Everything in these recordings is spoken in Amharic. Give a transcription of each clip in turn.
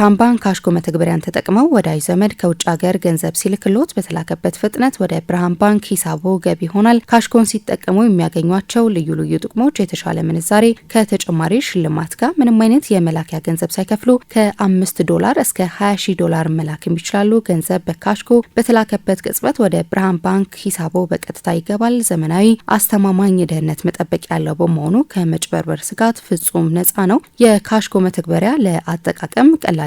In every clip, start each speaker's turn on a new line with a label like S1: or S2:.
S1: ብርሃን ባንክ ካሽኮ መተግበሪያን ተጠቅመው ወዳጅ ዘመድ ከውጭ ሀገር ገንዘብ ሲልክሎት በተላከበት ፍጥነት ወደ ብርሃን ባንክ ሂሳቦ ገቢ ይሆናል። ካሽኮን ሲጠቀሙ የሚያገኟቸው ልዩ ልዩ ጥቅሞች የተሻለ ምንዛሬ ከተጨማሪ ሽልማት ጋር ምንም አይነት የመላኪያ ገንዘብ ሳይከፍሉ ከአምስት ዶላር እስከ
S2: 20 ሺህ ዶላር መላክ የሚችላሉ። ገንዘብ በካሽኮ በተላከበት ቅጽበት ወደ ብርሃን ባንክ ሂሳቦ በቀጥታ ይገባል። ዘመናዊ፣ አስተማማኝ ደህንነት መጠበቅ ያለው በመሆኑ ከመጭበርበር ስጋት ፍጹም ነፃ ነው። የካሽኮ መተግበሪያ ለአጠቃቀም ቀላል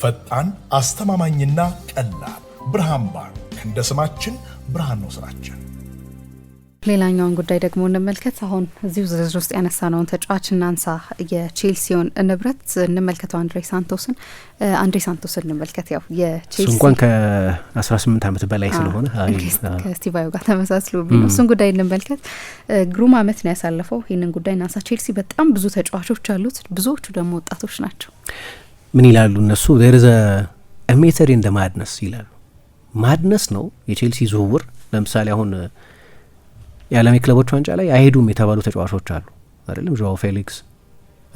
S3: ፈጣን አስተማማኝና ቀላል ብርሃን ባንክ። እንደ ስማችን ብርሃን ነው ስራችን። ሌላኛውን ጉዳይ ደግሞ እንመልከት። አሁን እዚሁ ዝርዝር ውስጥ ያነሳነውን ተጫዋች እናንሳ። የቼልሲውን ንብረት እንመልከተው። አንድሬ ሳንቶስን አንድሬ ሳንቶስን እንመልከት። ያው የቼልሲ እንኳን ከ18 ዓመት በላይ ስለሆነ ከስቲቫዮ ጋር ተመሳስሎ እሱን ጉዳይ እንመልከት። ግሩም አመት ነው ያሳለፈው። ይህንን ጉዳይ እናንሳ። ቼልሲ በጣም ብዙ ተጫዋቾች አሉት። ብዙዎቹ ደግሞ ወጣቶች ናቸው። ምን ይላሉ እነሱ ዘ ሜተር እንደ ማድነስ ይላሉ። ማድነስ ነው የቼልሲ ዝውውር። ለምሳሌ አሁን የዓለም የክለቦች ዋንጫ ላይ አይሄዱም የተባሉ ተጫዋቾች አሉ አይደለም? ዋው ፌሊክስ፣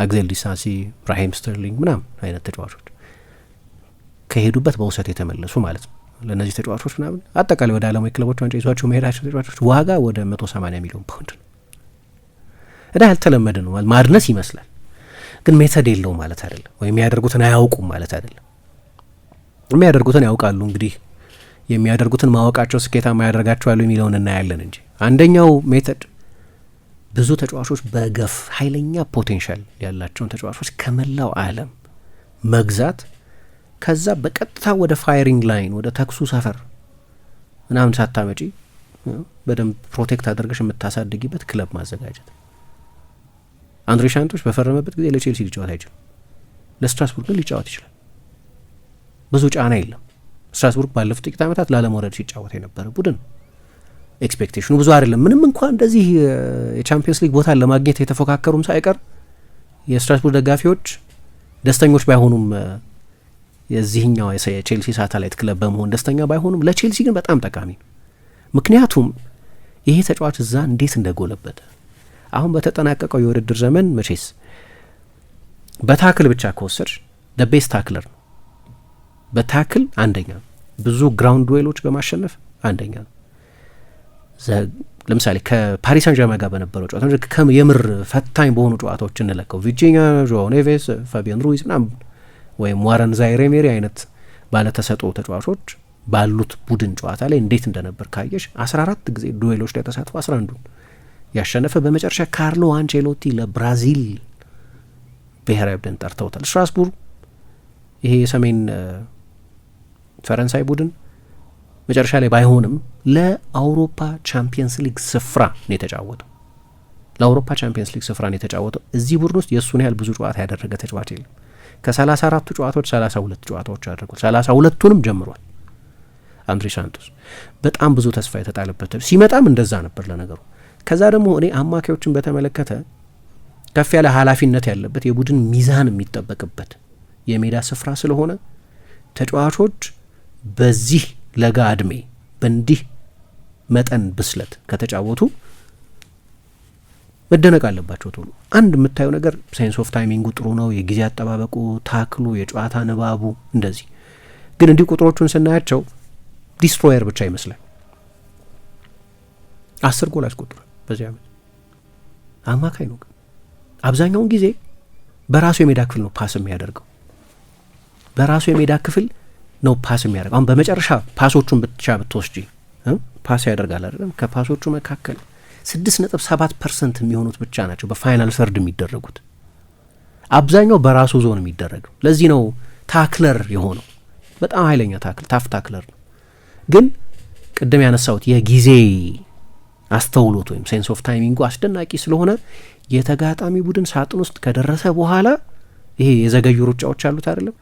S3: አግዜል ዲሳሲ፣ ብራሂም ስተርሊንግ ምናምን አይነት ተጫዋቾች ከሄዱበት በውሰት የተመለሱ ማለት ነው። ለእነዚህ ተጫዋቾች ምናምን አጠቃላይ ወደ ዓለም የክለቦች ዋንጫ ይዟቸው መሄዳቸው ተጫዋቾች ዋጋ ወደ መቶ ሰማኒያ ሚሊዮን ፓውንድ ነው። እዳ ያልተለመደ ነው። ማድነስ ይመስላል ግን ሜተድ የለው ማለት አይደለም፣ ወይም የሚያደርጉትን አያውቁም ማለት አይደለም። የሚያደርጉትን ያውቃሉ። እንግዲህ የሚያደርጉትን ማወቃቸው ስኬታማ ያደርጋቸዋል የሚለውን እናያለን እንጂ አንደኛው ሜተድ ብዙ ተጫዋቾች በገፍ ኃይለኛ ፖቴንሻል ያላቸውን ተጫዋቾች ከመላው ዓለም መግዛት ከዛ በቀጥታ ወደ ፋይሪንግ ላይን ወደ ተኩሱ ሰፈር ምናምን ሳታመጪ በደንብ ፕሮቴክት አድርገሽ የምታሳድጊበት ክለብ ማዘጋጀት አንድሬ ሻንቶች በፈረመበት ጊዜ ለቼልሲ ሊጫወት አይችልም። ለስትራስቡርግ ግን ሊጫወት ይችላል። ብዙ ጫና የለም። ስትራስቡርግ ባለፉት ጥቂት ዓመታት ላለመውረድ ሲጫወት የነበረ ቡድን ኤክስፔክቴሽኑ ብዙ አይደለም። ምንም እንኳ እንደዚህ የቻምፒየንስ ሊግ ቦታን ለማግኘት የተፎካከሩም ሳይቀር የስትራስቡርግ ደጋፊዎች ደስተኞች ባይሆኑም የዚህኛው የቼልሲ ሳተላይት ክለብ በመሆን ደስተኛ ባይሆኑም ለቼልሲ ግን በጣም ጠቃሚ ነው። ምክንያቱም ይሄ ተጫዋች እዛ እንዴት እንደጎለበተ አሁን በተጠናቀቀው የውድድር ዘመን መቼስ በታክል ብቻ ከወሰድ ደ ቤስት ታክለር ነው። በታክል አንደኛ ነው። ብዙ ግራውንድ ዱዌሎች በማሸነፍ አንደኛ ነው። ለምሳሌ ከፓሪስ አንዣርማ ጋር በነበረው ጨዋታ የምር ፈታኝ በሆኑ ጨዋታዎች እንለቀው ቪጂኛ፣ ጆዋ ኔቬስ፣ ፋቢያን ሩይስ ምናምን ወይም ዋረን ዛይሬሜሪ አይነት ባለተሰጦ ተጫዋቾች ባሉት ቡድን ጨዋታ ላይ እንዴት እንደነበር ካየሽ አስራ አራት ጊዜ ዱዌሎች ላይ ተሳትፎ አስራ አንዱን ያሸነፈ በመጨረሻ ካርሎ አንቼሎቲ ለብራዚል ብሔራዊ ቡድን ጠርተውታል። ስትራስቡርግ ይሄ የሰሜን ፈረንሳይ ቡድን መጨረሻ ላይ ባይሆንም ለአውሮፓ ቻምፒየንስ ሊግ ስፍራ ነው የተጫወተው። ለአውሮፓ ቻምፒየንስ ሊግ ስፍራ ነው የተጫወተው። እዚህ ቡድን ውስጥ የእሱን ያህል ብዙ ጨዋታ ያደረገ ተጫዋች የለም። ከሰላሳ አራቱ ጨዋታዎች ሰላሳ ሁለት ጨዋታዎች አድርጓል። ሰላሳ ሁለቱንም ጀምሯል። አንድሬ ሳንቶስ በጣም ብዙ ተስፋ የተጣለበት ሲመጣም እንደዛ ነበር። ለነገሩ ከዛ ደግሞ እኔ አማካዮችን በተመለከተ ከፍ ያለ ኃላፊነት ያለበት የቡድን ሚዛን የሚጠበቅበት የሜዳ ስፍራ ስለሆነ ተጫዋቾች በዚህ ለጋ እድሜ በእንዲህ መጠን ብስለት ከተጫወቱ መደነቅ አለባቸው። ቶሎ አንድ የምታየው ነገር ሳይንስ ኦፍ ታይሚንጉ ጥሩ ነው፣ የጊዜ አጠባበቁ፣ ታክሉ፣ የጨዋታ ንባቡ እንደዚህ። ግን እንዲህ ቁጥሮቹን ስናያቸው ዲስትሮየር ብቻ ይመስላል። አስር ጎል አስቆጥሯል። በዚህ ዓመት አማካይ ነው። ግን አብዛኛውን ጊዜ በራሱ የሜዳ ክፍል ነው ፓስ የሚያደርገው። በራሱ የሜዳ ክፍል ነው ፓስ የሚያደርገው። አሁን በመጨረሻ ፓሶቹን ብቻ ብትወስጂ ፓስ ያደርጋል አይደለም። ከፓሶቹ መካከል ስድስት ነጥብ ሰባት ፐርሰንት የሚሆኑት ብቻ ናቸው በፋይናል ሰርድ የሚደረጉት። አብዛኛው በራሱ ዞን የሚደረገው። ለዚህ ነው ታክለር የሆነው። በጣም ኃይለኛ ታክል ታፍ ታክለር ነው። ግን ቅድም ያነሳሁት የጊዜ አስተውሎት ወይም ሴንስ ኦፍ ታይሚንጉ አስደናቂ ስለሆነ የተጋጣሚ ቡድን ሳጥን ውስጥ ከደረሰ በኋላ ይሄ የዘገዩ ሩጫዎች አሉት አይደለም፣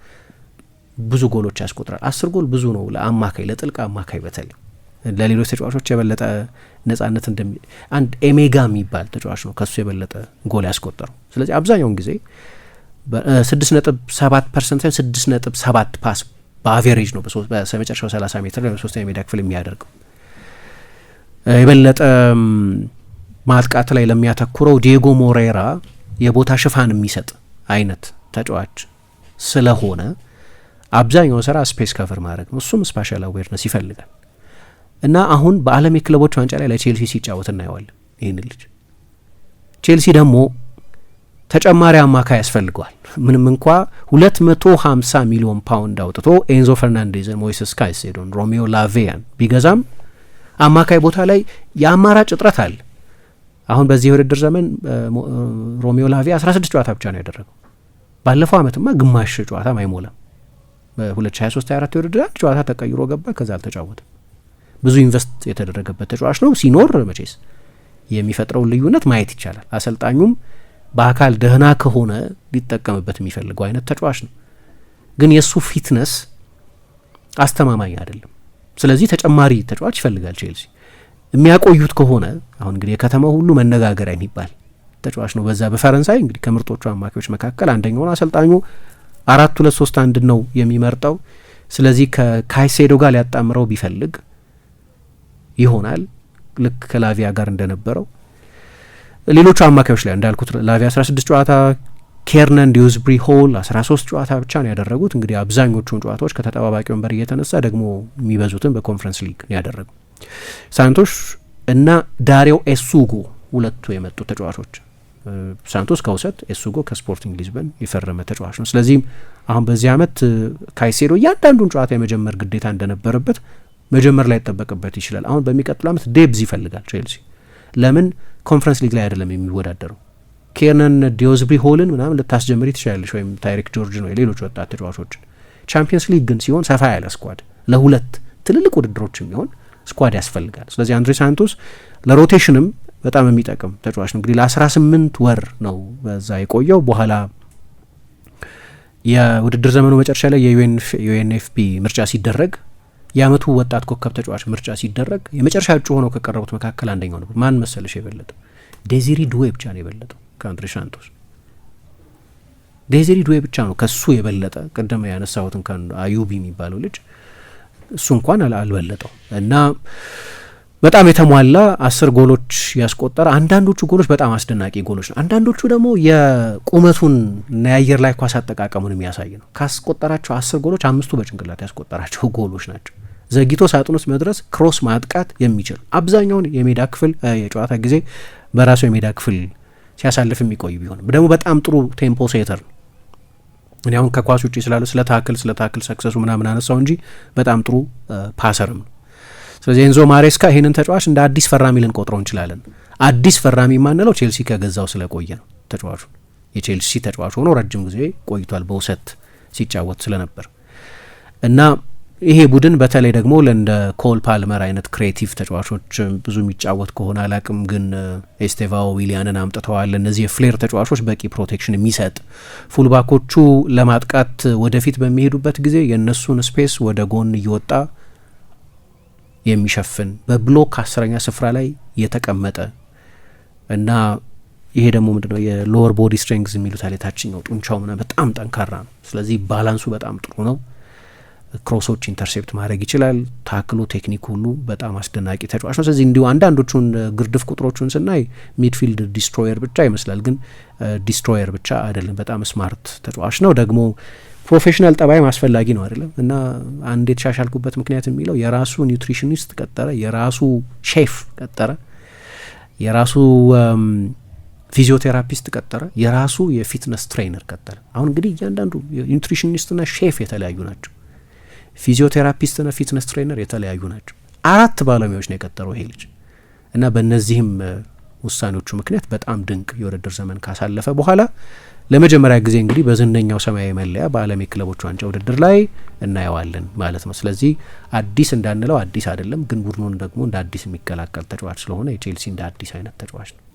S3: ብዙ ጎሎች ያስቆጥራል። አስር ጎል ብዙ ነው ለአማካይ ለጥልቅ አማካይ በተለይ ለሌሎች ተጫዋቾች የበለጠ ነጻነት እንደሚ አንድ ኤሜጋ የሚባል ተጫዋች ነው ከሱ የበለጠ ጎል ያስቆጠረው። ስለዚህ አብዛኛውን ጊዜ ስድስት ነጥብ ሰባት ፐርሰንት ሳይሆን ስድስት ነጥብ ሰባት ፓስ በአቬሬጅ ነው በመጨረሻው ሰላሳ ሜትር ላይ በሶስተኛ ሜዳ ክፍል የሚያደርገው። የበለጠ ማጥቃት ላይ ለሚያተኩረው ዲየጎ ሞሬራ የቦታ ሽፋን የሚሰጥ አይነት ተጫዋች ስለሆነ አብዛኛው ስራ ስፔስ ከቨር ማድረግ ነው። እሱም ስፓሻል አዌርነስ ይፈልጋል እና አሁን በዓለም የክለቦች ዋንጫ ላይ ለቼልሲ ሲጫወት እናየዋለን። ይህን ልጅ ቼልሲ ደግሞ ተጨማሪ አማካይ ያስፈልገዋል። ምንም እንኳ ሀምሳ ሚሊዮን ፓውንድ አውጥቶ ኤንዞ ፈርናንዴዝን፣ ሞይሴስ ካይሴዶን፣ ሮሜዮ ላቬያን ቢገዛም አማካይ ቦታ ላይ የአማራጭ እጥረት አለ። አሁን በዚህ የውድድር ዘመን ሮሚዮ ላቪያ 16 ጨዋታ ብቻ ነው ያደረገው። ባለፈው አመትማ ግማሽ ጨዋታም አይሞላም። በ2023 24 የውድድር አንድ ጨዋታ ተቀይሮ ገባ፣ ከዛ አልተጫወተም። ብዙ ኢንቨስት የተደረገበት ተጫዋች ነው። ሲኖር መቼስ የሚፈጥረውን ልዩነት ማየት ይቻላል። አሰልጣኙም በአካል ደህና ከሆነ ሊጠቀምበት የሚፈልገው አይነት ተጫዋች ነው። ግን የእሱ ፊትነስ አስተማማኝ አይደለም። ስለዚህ ተጨማሪ ተጫዋች ይፈልጋል ቼልሲ። የሚያቆዩት ከሆነ አሁን እንግዲህ የከተማው ሁሉ መነጋገሪያ የሚባል ተጫዋች ነው። በዛ በፈረንሳይ እንግዲህ ከምርጦቹ አማካዮች መካከል ነው። አሰልጣኙ አራት ሁለት ሶስት አንድ ነው የሚመርጠው። ስለዚህ ከካይሴዶ ጋር ሊያጣምረው ቢፈልግ ይሆናል ልክ ከላቪያ ጋር እንደነበረው ሌሎቹ አማካዮች ላይ እንዳልኩት ላቪያ 16 ጨዋታ ኬርነን ዲውዝብሪ ሆል 13 ጨዋታ ብቻ ነው ያደረጉት። እንግዲህ አብዛኞቹን ጨዋታዎች ከተጠባባቂ ወንበር እየተነሳ ደግሞ የሚበዙትን በኮንፈረንስ ሊግ ነው ያደረጉ። ሳንቶሽ እና ዳሬው ኤሱጎ ሁለቱ የመጡ ተጫዋቾች ሳንቶስ ከውሰት ኤሱጎ ከስፖርቲንግ ሊዝበን የፈረመ ተጫዋች ነው። ስለዚህም አሁን በዚህ ዓመት ካይሴዶ እያንዳንዱን ጨዋታ የመጀመር ግዴታ እንደነበረበት መጀመር ላይ ይጠበቅበት ይችላል። አሁን በሚቀጥሉ ዓመት ዴብዝ ይፈልጋል ቼልሲ። ለምን ኮንፈረንስ ሊግ ላይ አይደለም የሚወዳደረው ኬርነን ዲዮዝቢ ሆልን ምናምን ልታስጀምሪ ትችላለች፣ ወይም ታይሪክ ጆርጅን ወይ ሌሎች ወጣት ተጫዋቾችን። ቻምፒየንስ ሊግ ግን ሲሆን ሰፋ ያለ ስኳድ ለሁለት ትልልቅ ውድድሮች የሚሆን ስኳድ ያስፈልጋል። ስለዚህ አንድሬ ሳንቶስ ለሮቴሽንም በጣም የሚጠቅም ተጫዋች ነው። እንግዲህ ለአስራ ስምንት ወር ነው በዛ የቆየው። በኋላ የውድድር ዘመኑ መጨረሻ ላይ የዩኤንኤፍፒ ምርጫ ሲደረግ የአመቱ ወጣት ኮከብ ተጫዋች ምርጫ ሲደረግ የመጨረሻ እጩ ሆነው ከቀረቡት መካከል አንደኛው ነበር። ማን መሰለሽ የበለጠው? ዴዚሪ ዱዌ ብቻ ነው የበለጠው። ከአንድሪ ሻንቶስ ዴዚሪ ዱዌ ብቻ ነው ከሱ የበለጠ ቅድም ያነሳሁትን አዩቢ የሚባለው ልጅ እሱ እንኳን አልበለጠው እና በጣም የተሟላ አስር ጎሎች ያስቆጠረ። አንዳንዶቹ ጎሎች በጣም አስደናቂ ጎሎች ነው። አንዳንዶቹ ደግሞ የቁመቱን እና የአየር ላይ ኳስ አጠቃቀሙን የሚያሳይ ነው። ካስቆጠራቸው አስር ጎሎች አምስቱ በጭንቅላት ያስቆጠራቸው ጎሎች ናቸው። ዘግይቶ ሳጥን ውስጥ መድረስ፣ ክሮስ ማጥቃት የሚችል አብዛኛውን የሜዳ ክፍል የጨዋታ ጊዜ በራሱ የሜዳ ክፍል ሲያሳልፍ የሚቆይ ቢሆንም ደግሞ በጣም ጥሩ ቴምፖ ሴተር ነው። እኔ አሁን ከኳስ ውጭ ስላለ ስለ ታክል ስለ ታክል ሰክሰሱ ምናምን አነሳው እንጂ በጣም ጥሩ ፓሰርም ነው። ስለዚህ ኤንዞ ማሬስካ ይህንን ተጫዋች እንደ አዲስ ፈራሚ ልንቆጥረው እንችላለን። አዲስ ፈራሚ የማንለው ቼልሲ ከገዛው ስለቆየ ነው። ተጫዋቹ የቼልሲ ተጫዋች ሆኖ ረጅም ጊዜ ቆይቷል፣ በውሰት ሲጫወት ስለነበር እና ይሄ ቡድን በተለይ ደግሞ ለእንደ ኮል ፓልመር አይነት ክሬቲቭ ተጫዋቾች ብዙ የሚጫወት ከሆነ አላቅም፣ ግን ኤስቴቫ ዊሊያንን አምጥተዋል። እነዚህ የፍሌር ተጫዋቾች በቂ ፕሮቴክሽን የሚሰጥ ፉልባኮቹ ለማጥቃት ወደፊት በሚሄዱበት ጊዜ የእነሱን ስፔስ ወደ ጎን እየወጣ የሚሸፍን በብሎክ አስረኛ ስፍራ ላይ የተቀመጠ እና ይሄ ደግሞ ምንድነው የሎወር ቦዲ ስትሬንግዝ የሚሉት የታችኛው ጡንቻው በጣም ጠንካራ ነው። ስለዚህ ባላንሱ በጣም ጥሩ ነው። ክሮሶች ኢንተርሴፕት ማድረግ ይችላል። ታክሎ ቴክኒክ ሁሉ በጣም አስደናቂ ተጫዋች ነው። ስለዚህ እንዲሁ አንዳንዶቹን ግርድፍ ቁጥሮቹን ስናይ ሚድፊልድ ዲስትሮየር ብቻ ይመስላል፣ ግን ዲስትሮየር ብቻ አይደለም። በጣም ስማርት ተጫዋች ነው። ደግሞ ፕሮፌሽናል ጠባይም አስፈላጊ ነው አይደለም እና አንድ የተሻሻልኩበት ምክንያት የሚለው የራሱ ኒውትሪሽኒስት ቀጠረ፣ የራሱ ሼፍ ቀጠረ፣ የራሱ
S4: ፊዚዮቴራፒስት ቀጠረ፣ የራሱ የፊትነስ ትሬይነር ቀጠረ። አሁን እንግዲህ እያንዳንዱ ኒውትሪሽኒስትና ሼፍ የተለያዩ ናቸው። ፊዚዮቴራፒስትና ፊትነስ ትሬነር የተለያዩ ናቸው። አራት ባለሙያዎች ነው የቀጠረው ይሄ ልጅ እና በእነዚህም ውሳኔዎቹ ምክንያት በጣም ድንቅ የውድድር ዘመን ካሳለፈ በኋላ ለመጀመሪያ ጊዜ እንግዲህ በዝነኛው ሰማያዊ መለያ በዓለም የክለቦች ዋንጫ ውድድር ላይ እናየዋለን ማለት ነው። ስለዚህ አዲስ እንዳንለው አዲስ አይደለም፣ ግን ቡድኑን ደግሞ እንደ አዲስ የሚቀላቀል ተጫዋች ስለሆነ የቼልሲ እንደ አዲስ አይነት ተጫዋች ነው።